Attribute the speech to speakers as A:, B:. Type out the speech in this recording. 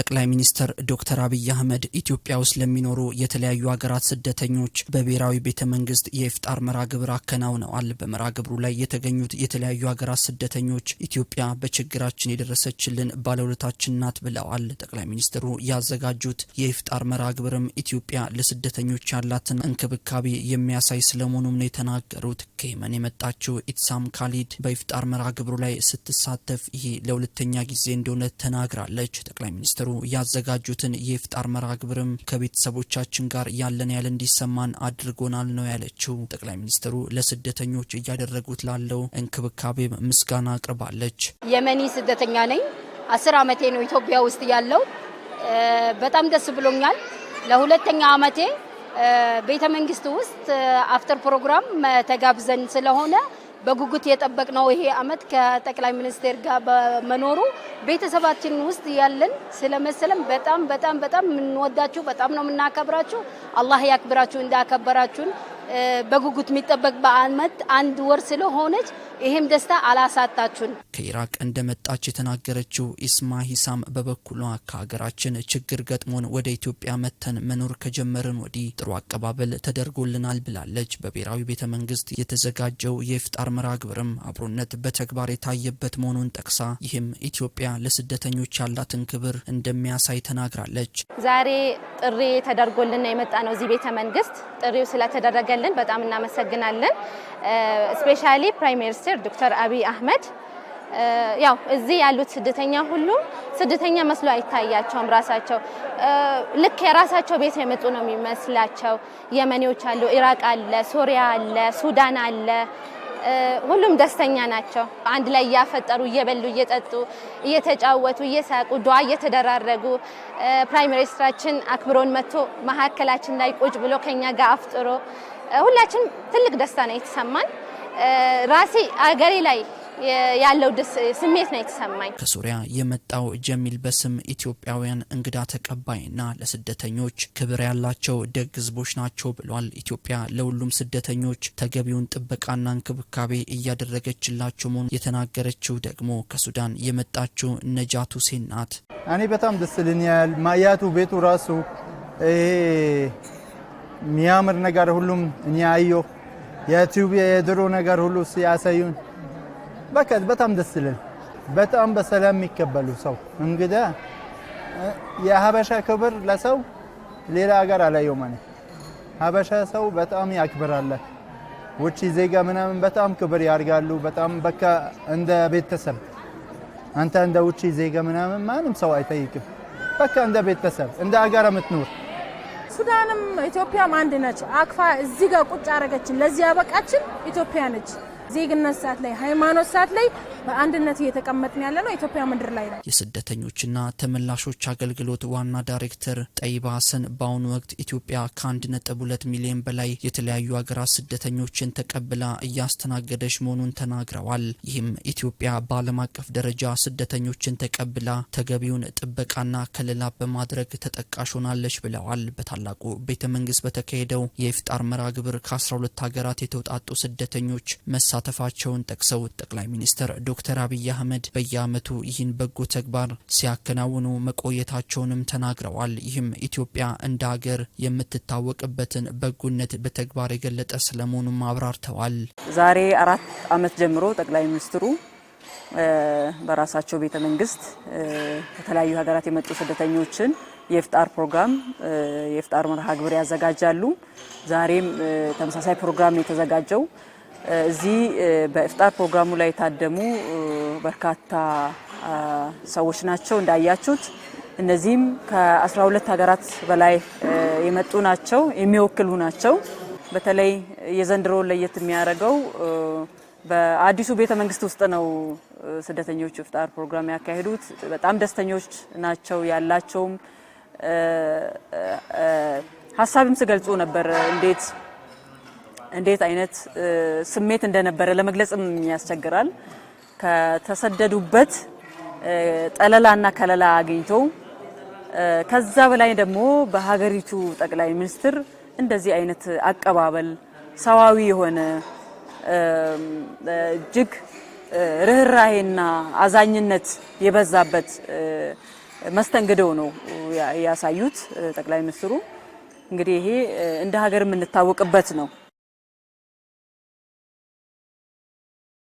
A: ጠቅላይ ሚኒስትር ዶክተር አብይ አህመድ ኢትዮጵያ ውስጥ ለሚኖሩ የተለያዩ ሀገራት ስደተኞች በብሔራዊ ቤተ መንግስት የኢፍጣር መርሃ ግብር አከናውነዋል። በመርሃ ግብሩ ላይ የተገኙት የተለያዩ ሀገራት ስደተኞች ኢትዮጵያ በችግራችን የደረሰችልን ባለውለታችን ናት ብለዋል። ጠቅላይ ሚኒስትሩ ያዘጋጁት የኢፍጣር መርሃ ግብርም ኢትዮጵያ ለስደተኞች ያላትን እንክብካቤ የሚያሳይ ስለመሆኑም ነው የተናገሩት። ከየመን የመጣችው ኢትሳም ካሊድ በኢፍጣር መርሃ ግብሩ ላይ ስትሳተፍ ይሄ ለሁለተኛ ጊዜ እንደሆነ ተናግራለች። ጠቅላይ ሚኒስትሩ ሚኒስትሩ ያዘጋጁትን የኢፍጣር መርሃ ግብርም ከቤተሰቦቻችን ጋር ያለን ያህል እንዲሰማን አድርጎናል ነው ያለችው። ጠቅላይ ሚኒስትሩ ለስደተኞች እያደረጉት ላለው እንክብካቤም ምስጋና አቅርባለች።
B: የመኒ ስደተኛ ነኝ። አስር ዓመቴ ነው ኢትዮጵያ ውስጥ ያለው። በጣም ደስ ብሎኛል። ለሁለተኛ ዓመቴ ቤተ መንግስት ውስጥ አፍተር ፕሮግራም ተጋብዘን ስለሆነ በጉጉት የጠበቅነው ይሄ አመት ከጠቅላይ ሚኒስቴር ጋር በመኖሩ ቤተሰባችን ውስጥ ያለን ስለመሰለም በጣም በጣም በጣም የምንወዳችሁ በጣም ነው የምናከብራችሁ። አላህ ያክብራችሁ እንዳከበራችሁን በጉጉት የሚጠበቅ በዓመት አንድ ወር ስለሆነች ይህም ደስታ አላሳጣችሁን።
A: ከኢራቅ እንደመጣች የተናገረችው ኢስማ ሂሳም በበኩሏ ከሀገራችን ችግር ገጥሞን ወደ ኢትዮጵያ መተን መኖር ከጀመርን ወዲህ ጥሩ አቀባበል ተደርጎልናል ብላለች። በብሔራዊ ቤተ መንግስት የተዘጋጀው የኢፍጣር መርሃ ግብርም አብሮነት በተግባር የታየበት መሆኑን ጠቅሳ ይህም ኢትዮጵያ ለስደተኞች ያላትን ክብር እንደሚያሳይ ተናግራለች።
B: ዛሬ ጥሪ ተደርጎልና የመጣ ነው እዚህ ቤተ መንግስት ጥሪው ስለተደረገ ስለተደረገልን በጣም እናመሰግናለን። ስፔሻሊ ፕራይም ሚኒስትር ዶክተር አብይ አህመድ ያው እዚህ ያሉት ስደተኛ ሁሉ ስደተኛ መስሎ አይታያቸውም። ራሳቸው ልክ የራሳቸው ቤት የመጡ ነው የሚመስላቸው። የመኔዎች አሉ፣ ኢራቅ አለ፣ ሶሪያ አለ፣ ሱዳን አለ ሁሉም ደስተኛ ናቸው። አንድ ላይ እያፈጠሩ እየበሉ እየጠጡ እየተጫወቱ እየሳቁ ዱዓ እየተደራረጉ ፕራይመሪ ስራችን አክብሮን መጥቶ መሀከላችን ላይ ቁጭ ብሎ ከኛ ጋር አፍጥሮ ሁላችንም ትልቅ ደስታ ነው የተሰማን። ራሴ አገሬ ላይ ያለው ስሜት ነው የተሰማኝ።
A: ከሱሪያ የመጣው ጀሚል በስም ኢትዮጵያውያን እንግዳ ተቀባይና ለስደተኞች ክብር ያላቸው ደግ ሕዝቦች ናቸው ብሏል። ኢትዮጵያ ለሁሉም ስደተኞች ተገቢውን ጥበቃና እንክብካቤ እያደረገችላቸው መሆኑን የተናገረችው ደግሞ ከሱዳን የመጣችው ነጃት ሁሴን ናት።
C: እኔ በጣም ደስ ልኛል። ማያቱ ቤቱ ራሱ ሚያምር ነገር ሁሉም እኛ አየሁ የኢትዮጵያ የድሮ ነገር ሁሉ ሲያሳዩን በቃ በጣም ደስ ይላል። በጣም በሰላም የሚቀበሉ ሰው እንግዳ የሀበሻ ክብር ለሰው ሌላ ሀገር አላየው ማለት ሀበሻ ሰው በጣም ያክብራል። ውጪ ዜጋ ምናምን በጣም ክብር ያርጋሉ። በጣም በቃ እንደ ቤተሰብ አንተ እንደ ውጭ ዜጋ ምናምን ማንም ሰው አይጠይቅም። በቃ እንደ ቤተሰብ እንደ ሀገር የምትኖር
B: ሱዳንም ኢትዮጵያም አንድ ነች። አክፋ እዚህ ጋር ቁጭ አረገችን። ለዚህ ያበቃችን ኢትዮጵያ ነች። ዜግነት ሰዓት ላይ ሃይማኖት ሰዓት ላይ በአንድነት እየተቀመጥን ያለ ነው ኢትዮጵያ ምድር ላይ ነው።
A: የስደተኞችና ተመላሾች አገልግሎት ዋና ዳይሬክተር ጠይባ ሀሰን በአሁኑ ወቅት ኢትዮጵያ ከአንድ ነጥብ ሁለት ሚሊዮን በላይ የተለያዩ ሀገራት ስደተኞችን ተቀብላ እያስተናገደች መሆኑን ተናግረዋል። ይህም ኢትዮጵያ በዓለም አቀፍ ደረጃ ስደተኞችን ተቀብላ ተገቢውን ጥበቃና ከለላ በማድረግ ተጠቃሽ ሆናለች ብለዋል። በታላቁ ቤተ መንግስት በተካሄደው የኢፍጣር መርሃ ግብር ከ12 ሀገራት የተውጣጡ ስደተኞች መሳ መሳተፋቸውን ጠቅሰው ጠቅላይ ሚኒስትር ዶክተር አብይ አህመድ በየአመቱ ይህን በጎ ተግባር ሲያከናውኑ መቆየታቸውንም ተናግረዋል። ይህም ኢትዮጵያ እንደ ሀገር የምትታወቅበትን በጎነት በተግባር የገለጠ ስለመሆኑም አብራርተዋል።
D: ዛሬ አራት አመት ጀምሮ ጠቅላይ ሚኒስትሩ በራሳቸው ቤተ መንግስት ከተለያዩ ሀገራት የመጡ ስደተኞችን የፍጣር ፕሮግራም የፍጣር መርሃ ግብር ያዘጋጃሉ። ዛሬም ተመሳሳይ ፕሮግራም የተዘጋጀው እዚህ በኢፍጣር ፕሮግራሙ ላይ የታደሙ በርካታ ሰዎች ናቸው እንዳያችሁት። እነዚህም ከ12 ሀገራት በላይ የመጡ ናቸው፣ የሚወክሉ ናቸው። በተለይ የዘንድሮ ለየት የሚያደርገው በአዲሱ ቤተ መንግስት ውስጥ ነው ስደተኞች እፍጣር ፕሮግራም ያካሄዱት። በጣም ደስተኞች ናቸው። ያላቸውም ሀሳብም ስገልጹ ነበር እንዴት እንዴት አይነት ስሜት እንደነበረ ለመግለጽም ያስቸግራል። ከተሰደዱበት ጠለላና ከለላ አግኝተው ከዛ በላይ ደግሞ በሀገሪቱ ጠቅላይ ሚኒስትር እንደዚህ አይነት አቀባበል ሰዋዊ የሆነ እጅግ ርኅራሄና አዛኝነት የበዛበት መስተንግዶ ነው ያሳዩት ጠቅላይ ሚኒስትሩ። እንግዲህ ይሄ እንደ ሀገር የምንታወቅበት ነው።